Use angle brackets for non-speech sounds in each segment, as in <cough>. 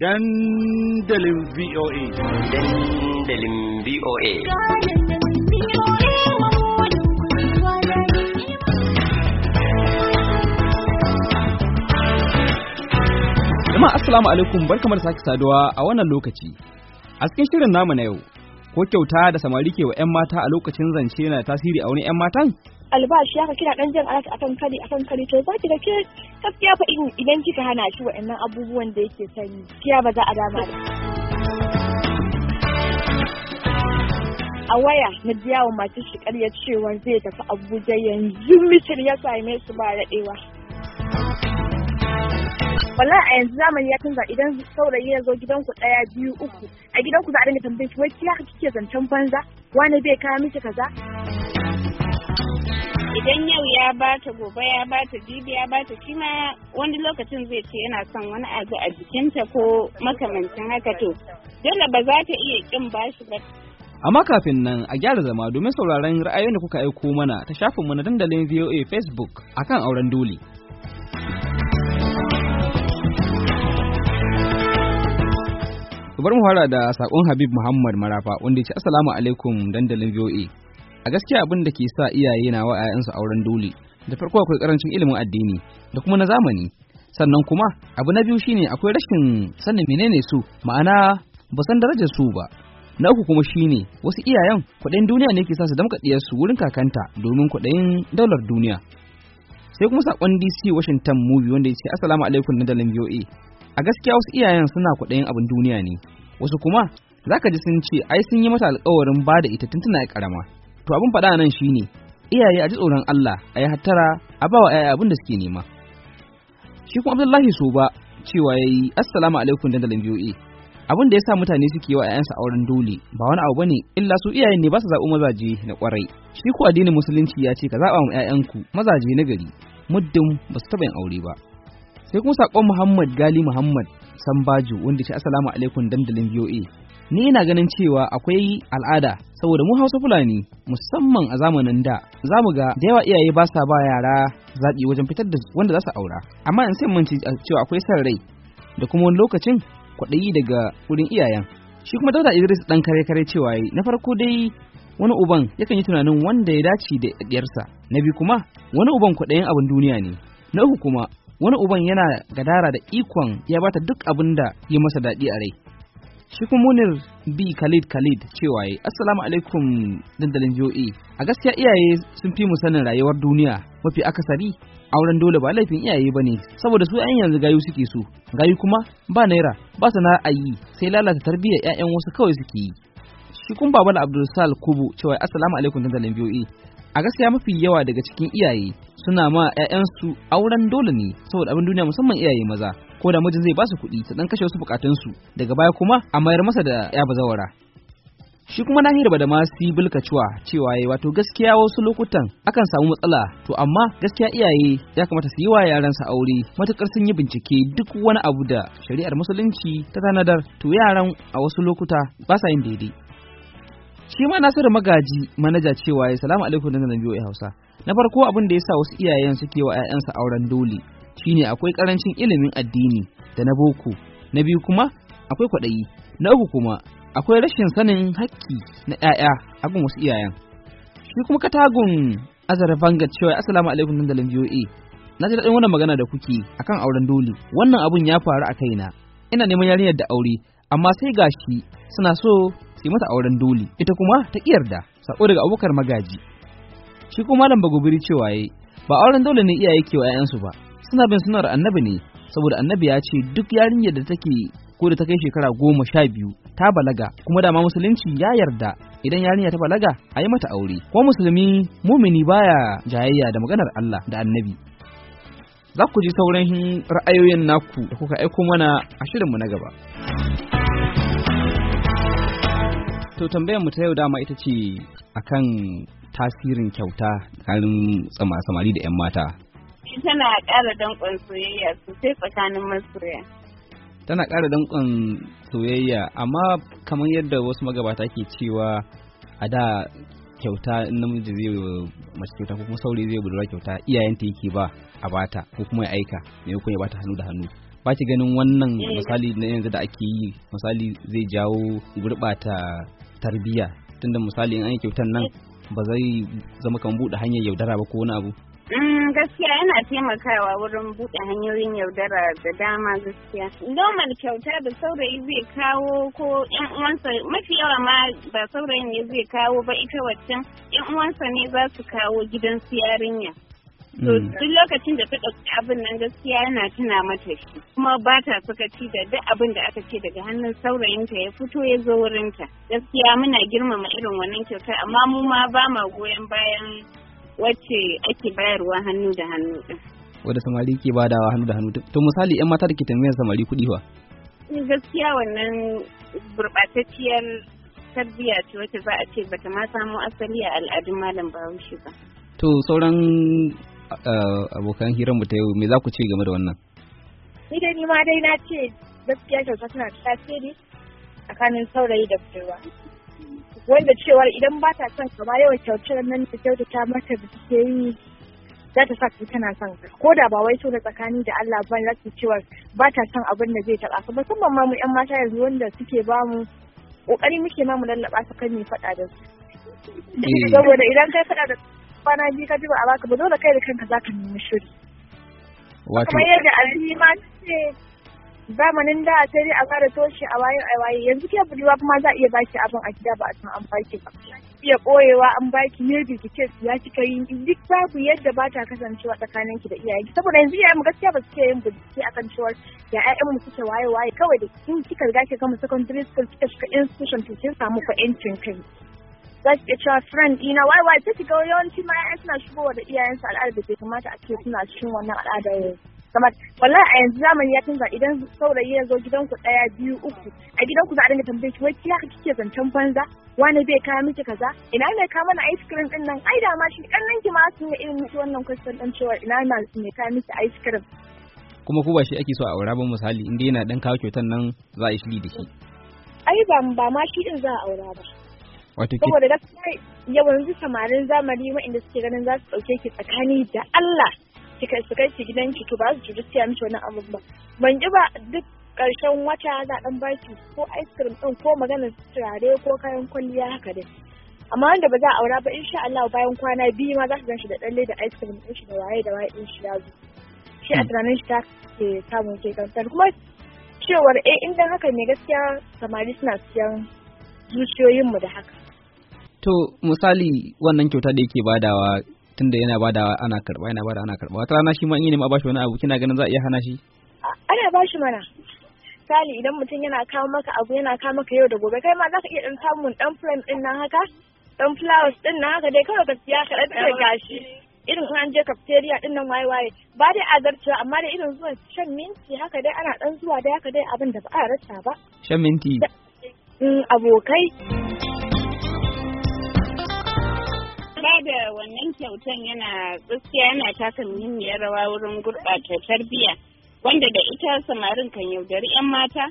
dandalin VOA. Dandalin VOA. Jama'a Assalamu alaikum barkamar sake saduwa a wannan lokaci. A cikin shirin namu na yau, ko kyauta da samari ke wa 'yan mata a lokacin zance na tasiri a wani 'yan matan? albashi ya kina dan jan alaka akan kari akan kari to zaki da ke gaskiya fa idan kika hana shi wa'annan abubuwan da yake sani kiya ba za a dama da a waya na biya wa masu shi ce cewa zai tafi abuja yanzu mitin ya same su ba raɗewa wallahi a yanzu zamani ya canza idan saurayi ya zo gidanku ɗaya biyu uku a gidanku za a dinga tambayin wai ki kike zancen banza wani bai kawo miki kaza idan yau ya bata gobe ya bata jibi ya bata shi ma wani lokacin zai ce yana son wani abu a jikinta ko makamancin haka to dole ba za ta iya kin bashi ba amma kafin nan a gyara zama domin sauraron ra'ayoyin da kuka aiko mana ta shafinmu na dandalin VOA Facebook akan auren dole To bari mu fara da sakon Habib Muhammad Marafa wanda ya ce assalamu alaikum dandalin VOA. A gaskiya abin da ke sa iyaye na wa 'ya'yansu auren dole da farko akwai karancin ilimin addini da kuma na zamani sannan kuma abu na biyu shine akwai rashin sanin menene su ma'ana ba san darajar su ba na uku kuma shine wasu iyayen kuɗin duniya ne ke sa su damka su wurin kakanta domin kuɗin daular duniya sai kuma sakon DC Washington movie wanda ya ce assalamu alaikum dandalin VOA a gaskiya wasu iyayen suna kwaɗayin abin duniya ne wasu kuma zaka ji sun ce ai sun yi mata alkawarin ba da ita tun tana karama to abin faɗa nan shine iyaye a ji tsoron Allah a yi hattara a bawa yaya abin da suke nema shi kuma Abdullahi ba cewa yayi assalamu alaikum dandalin BOA abin da ya sa mutane suke wa ƴaƴansu auren dole ba wani abu bane illa su iyayen ne ba su zaɓi mazaje na kwarai. shi ko addinin musulunci ya ce ka zaɓa ma ƴaƴanku mazaje na gari muddin ba su taɓa yin aure ba sai kuma sakon Muhammad Gali Muhammad Sambajo wanda ce assalamu alaikum dandalin VOA ni ina ganin cewa akwai al'ada saboda mu Hausa Fulani musamman a zamanin da za mu ga da yawa iyaye ba sa ba yara zaɓi wajen fitar da wanda za su aura amma in sai mun cewa akwai san rai da kuma wani lokacin kwaɗayi daga wurin iyayen shi kuma dauda Idris dan kare kare cewa na farko dai wani uban yakan yi tunanin wanda ya dace da ɗiyarsa na biyu kuma wani uban kwaɗayin abin duniya ne na uku kuma wani uban yana gadara da ikon ya bata duk abin da yi masa daɗi a rai shi kuma munir b khalid khalid cewa ya assalamu alaikum dandalin joe a gaskiya iyaye sun fi mu rayuwar duniya mafi akasari auren dole ba laifin iyaye ba ne saboda su an yanzu gayu suke so gayu kuma ba naira ba na yi sai lalata tarbiyyar 'ya'yan wasu kawai suke yi shi kuma babal abdulsal kubu cewa assalamu alaikum dandalin joe a gaskiya mafi yawa daga cikin iyaye suna ma 'ya'yansu auren dole ne saboda abin duniya musamman iyaye maza ko da mijin zai basu kuɗi su dan kashe wasu bukatunsu daga baya kuma a mayar masa da ya bazawara shi kuma nahir ba da masu bilkacuwa cewa yayi wato gaskiya wasu lokutan akan samu matsala to amma gaskiya iyaye ya kamata su yi wa yaran su aure matukar sun yi bincike duk wani abu da shari'ar musulunci ta tanadar to yaran a wasu lokuta ba sa yin daidai shi ma nasiru magaji manaja cewa ya salamu alaikum daga biyo ya hausa na farko abin da ya sa wasu iyayen suke wa 'ya'yansa auren dole shine akwai karancin ilimin addini da na boko na biyu kuma akwai kwaɗayi na uku kuma akwai rashin sanin haƙƙi na 'ya'ya a kan wasu iyayen shi kuma katagun azara vanga cewa assalamu alaikum dandalin voa na ji daɗin wannan magana da kuke akan auren dole wannan abun ya faru a kaina ina neman yarinyar da aure amma sai gashi suna so su mata auren dole ita kuma ta yarda sako daga abokar magaji shi kuma malam bagubiri cewa yayi ba auren dole ne iyaye ke wa 'ya'yansu ba suna bin sunar annabi ne saboda annabi ya ce duk yarinyar da take ko da ta kai shekara goma sha biyu ta balaga kuma dama musulunci ya yarda idan yarinya ta balaga a yi mata aure ko musulmi mumini baya jayayya da maganar Allah da annabi za ku ji sauran ra'ayoyin naku da kuka aiko mana a shirinmu na gaba. To tambayar mu ta yau dama ita ce akan tasirin kyauta tsakanin samari da 'yan mata. Tana ƙara danƙon soyayya sosai tsakanin masoya. Tana ƙara danƙon soyayya amma kamar yadda wasu magabata ke cewa a da kyauta namiji zai mace kyauta ko kuma saurayi zai budura kyauta iyayenta yake ba a bata ko kuma ya aika maimakon ya bata hannu da hannu. ba ki ganin wannan eh. misali na yanzu da ake yi misali zai jawo gurɓata tarbiyya tunda misali in an yi kyautan nan ba zai zama kan buɗe hanyar yaudara ba ko wani abu mm, gaskiya yana taimakawa wurin buɗe hanyoyin yaudara da dama gaskiya. Normal kyauta da saurayi zai kawo ko yan uwansa mafi yawa ma ba saurayin ne zai kawo ba ita waccan yan uwansa ne za su kawo gidan su yarinya. Hmm. duk lokacin da ta ɗauki abin nan gaskiya yana tuna mata shi kuma ba ta sakaci da duk abin da aka ce daga hannun saurayinta ya fito ya zo wurinta gaskiya muna girmama irin wannan kyautar amma mu ma ba ma goyon bayan wacce ake bayarwa hannu da hannu wadda samari ke badawa hannu da hannu to misali yan mata da ke tambayar samari kuɗi fa gaskiya wannan gurɓatacciyar tarbiyya ce wacce za a ce bata ma samo asali a al'adun malam bahaushe ba to sauran abokan hirar mu ta yau me za ku ce game da wannan ni dai ni ma dai na ce gaskiya kyauta tana tasiri tsakanin saurayi da budurwa wanda cewar idan ba ta son ka yawan kyautar nan da kyautata mata da take yi za ta sa ka tana son ko da ba wai so da tsakani da Allah ba za ta cewar ba ta son abin da zai taba su musamman ma yan mata yanzu wanda suke ba mu kokari muke ma mu lallaba su kan mu faɗa da su eh. saboda idan kai fada da kwana biyu ka jiba a baka ba dole kai da kanka za ka nemi shiri. Wato. Kuma yadda Aliyu ma ce zamanin da a sai dai a fara toshe a waye a waye yanzu ke budurwa kuma za a iya baki abin a gida ba a san an baki ba. Iya koyewa an baki ne da kike ya ci kai duk babu yadda ba ta kasancewa tsakanin ki da iyayenki saboda yanzu iyayen mu gaskiya ba su ke yin bincike akan cewa ya ƴaƴan mu suke waye waye kawai da in kika riga kika gama secondary school kika shiga institution to kin samu ku ƴancin kai. gaske cewa friend dina wai wai sai ga yawanci ma ƴaƴan suna shigowa da iyayensu al'adar da ke kamata a ce suna cikin wannan al'adar kamar wallahi a yanzu zamani ya canza idan saurayi ya zo gidanku ɗaya biyu uku a gidanku za a dinga tambayar ki wai haka kike zancen banza wani bai kawo miki kaza ina mai ka mana ice cream din nan ai da ma shi nan ki ma sun yi irin miki wannan question din cewa ina ne ka miki ice cream kuma ku ba shi ake so a aura ba misali inda yana dan kawo kyautan nan za a yi shiri da shi ai ba ma shi din za a aura ba saboda gaskiya yawanzu samarin zamani waɗanda suke ganin za su ɗauke ki tsakani da Allah kika su kai ki gidan ki to ba su juri siya miki wani abu ba ban ji ba duk ƙarshen wata za ɗan baki ko ice cream ɗin ko maganar turare ko kayan kwalliya haka dai amma wanda ba za a aura ba insha Allah bayan kwana biyu ma za su ganshi da ɗalle da ice cream ɗin shi da waye da waye ɗin shi ya shi a hmm. tunanin shi ta ke samun ke kansan kuma cewar eh in haka ne gaskiya samari suna siyan zuciyoyinmu da haka to misali wannan kyauta da yake badawa tunda yana badawa ana karba yana badawa ana karba wata rana shi ma in yi nema bashi wani abu kina ganin za a iya hana shi ana bashi mana misali idan mutum yana kawo maka abu yana kawo maka yau da gobe kai ma zaka iya dan samun dan frame din nan haka dan flowers din nan haka dai kawai ka siya ka dan tsira gashi irin an je cafeteria din nan waye waye ba dai a zarce amma dai irin zuwa shan minti haka dai ana dan zuwa dai haka dai abin da ba a rasa ba shan minti mm, abokai ba da wannan kyautan yana gaskiya yana taka muhimmiyar rawa wurin gurɓata tarbiyya wanda da ita samarin kan yaudari 'yan mata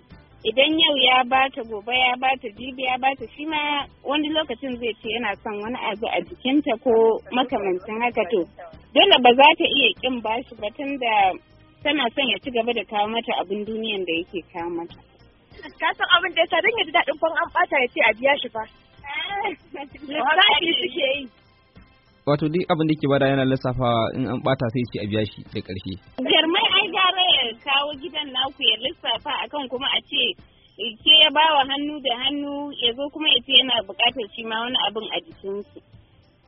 idan yau ya bata gobe ya bata jibi ya bata shi ma wani lokacin zai ce yana son wani abu a jikinta ko makamancin haka to dole ba za ta iya kin bashi ba tun da tana son ya ci gaba da kawo mata abin duniyan da yake kawo mata ka san abin da ya sa don ya ji daɗin kwan an bata ya ce a biya shi fa lissafi <laughs> suke yi wato duk abin da ke bada yana lissafawa in an bata sai ce a biya shi da ƙarshe. Jarmai ai gara ya kawo gidan naku ya lissafa akan kuma a ce ke ya bawa hannu da hannu ya zo kuma ya ce yana buƙatar shi ma wani abin a jikinsu.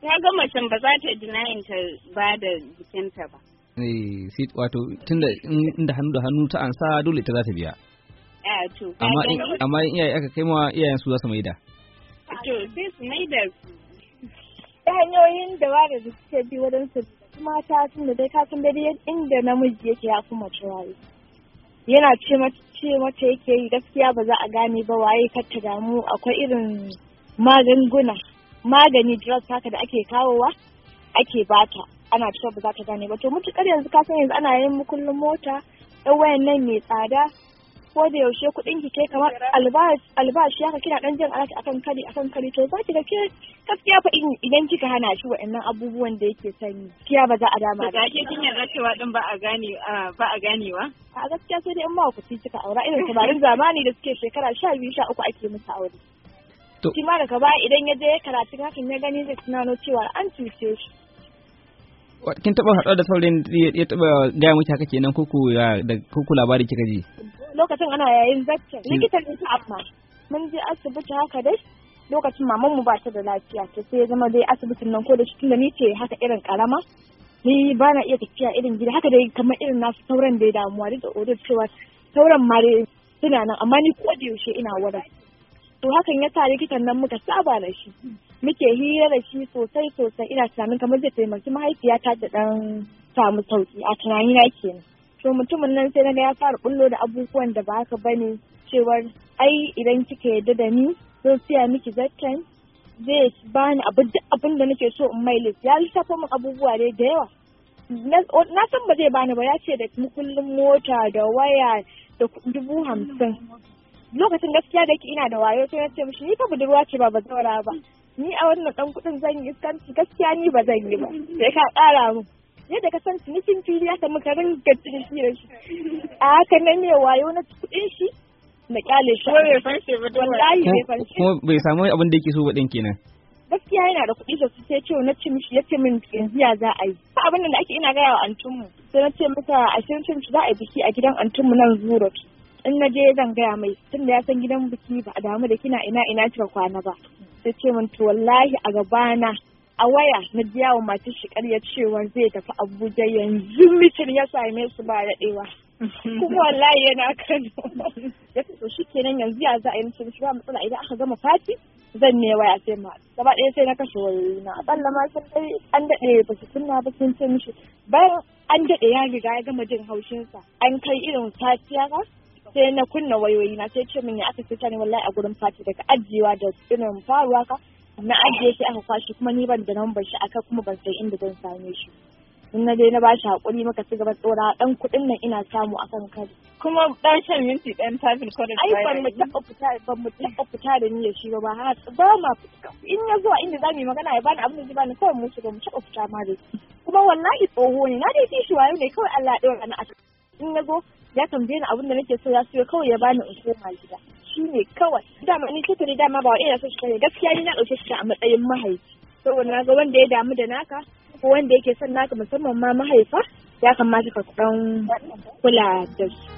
Ta ga macen ba za ta dinayin ta ba da jikinta ba. Eh, sai wato tunda inda hannu da hannu ta ansa dole ta za ta biya. Amma in iyaye aka kai ma iyayen su za su maida. To sai su maida su. ta hanyoyin da ware da suke bi wajen su mata sun da dai ka san dai inda namiji yake ya kuma ciwaye yana ce mata yake yi gaskiya ba za a gane ba waye kar ta damu akwai irin magunguna magani drugs haka da ake kawowa ake bata ana cewa ba za ta gane ba to mutukar yanzu ka san yanzu ana yin makullin mota ɗan wayan nan mai tsada ko da yaushe kuɗin ki ke kamar albashi haka kina dan jin alaka akan kari akan kari to za ki ga ke gaskiya fa idan kika hana shi wa'annan abubuwan da yake sani kiya ba za a dama da ke kin yarda cewa din ba a gane ba a ganewa a gaskiya sai dai in ma ku kika aura irin tabarin zamani da suke shekara sha biyu sha uku ake musu aure shi ma daga baya idan ya je ya karatu hakan ya gani zai tunano cewa an cuce shi kin taba haɗuwa da saurayin ya taba gaya mutaka haka kenan kuku da kuku labari kika ji lokacin ana yayin zaccen likitan ita amma mun je asibiti haka dai lokacin maman mu ba ta da lafiya to sai ya zama dai asibitin nan ko da shi tunda ni ce haka irin karama ni ba na iya tafiya irin gida haka dai kamar irin nasu sauran da ya damuwa da odar cewa sauran mare dai suna nan amma ni ko da yaushe ina wada to hakan ya sa likitan nan muka saba da shi muke hira da shi sosai sosai ina tunanin kamar zai taimaki mahaifiyata da dan samu sauki a tunanina kenan to mutumin nan sai naga ya fara bullo da abubuwan da ba haka bane cewar ai idan kika yadda da ni zan siya miki zakkan zai bani abin da nake so in mai list ya lissafa min abubuwa dai da yawa na san ba zai bani ba ya ce da kullum mota da waya da dubu hamsin lokacin gaskiya da ina da wayo sai na ce mishi ni fa budurwa ce ba ba zaura ba ni a wannan dan kudin zan yi gaskiya ni ba zan yi ba sai ka kara mu yadda ka san cinikin fili aka muka ringa ciniki da shi a haka na ne wayo na tukudin shi na kyale shi bai fanshe ba wallahi bai fanshe kuma bai samu abin da yake so ba kenan gaskiya yana da kuɗi sosai sai ce na shi ya ce min yanzu ya za a yi abin da ake ina gaya wa antunmu sai na ce mata a shirin za a yi biki a gidan antunmu nan zurot in na je zan gaya mai tun da ya san gidan biki ba a damu da kina ina ina cika kwana ba sai ce min to wallahi a gabana a waya na biya wa matar shi ce cewa zai tafi abuja yanzu mitin ya same su ba daɗewa <laughs> kuma wallahi yana kano ya fito shi kenan yanzu ya za a yi shi ba matsala idan aka gama fati zan ne waya sai ma gaba ɗaya sai na kashe wayoyi na akalla ma sun dai an daɗe ba su sunna ba sun ce mishi bayan an daɗe ya riga ya gama jin haushinsa an kai irin safiya sai na kunna wayoyi na sai ce min ya aka fita ne wallahi a gurin fati daga ajiyewa da irin faruwa ka na ajiye shi aka kwashe kuma ni ban da lambar shi aka kuma ban san inda zan same shi in na je na bashi hakuri maka ci gaba tsora dan kuɗin nan ina samu akan kari kuma dan shan minti dan tafin kodin ai ban mu taɓa fita ban mu taɓa fita da niyyar shi ba ba har ba ma in ya zo inda za mu yi magana ya bani abin da bani kawai mu shiga mu taɓa fita ma dai kuma wallahi tsoho ne na dai shi wayo ne kawai Allah ya dora ni a in ya zo ya tambaye ni abin da nake so ya so kawai ya bani in koma gida shi ne kawai dama ni tuturi dama ba ina son shi ne gaskiya ni na ɗauke shi a matsayin mahaifi saboda na ga wanda ya damu da naka ko wanda yake son naka musamman ma mahaifa ya kamata ka dan kula da su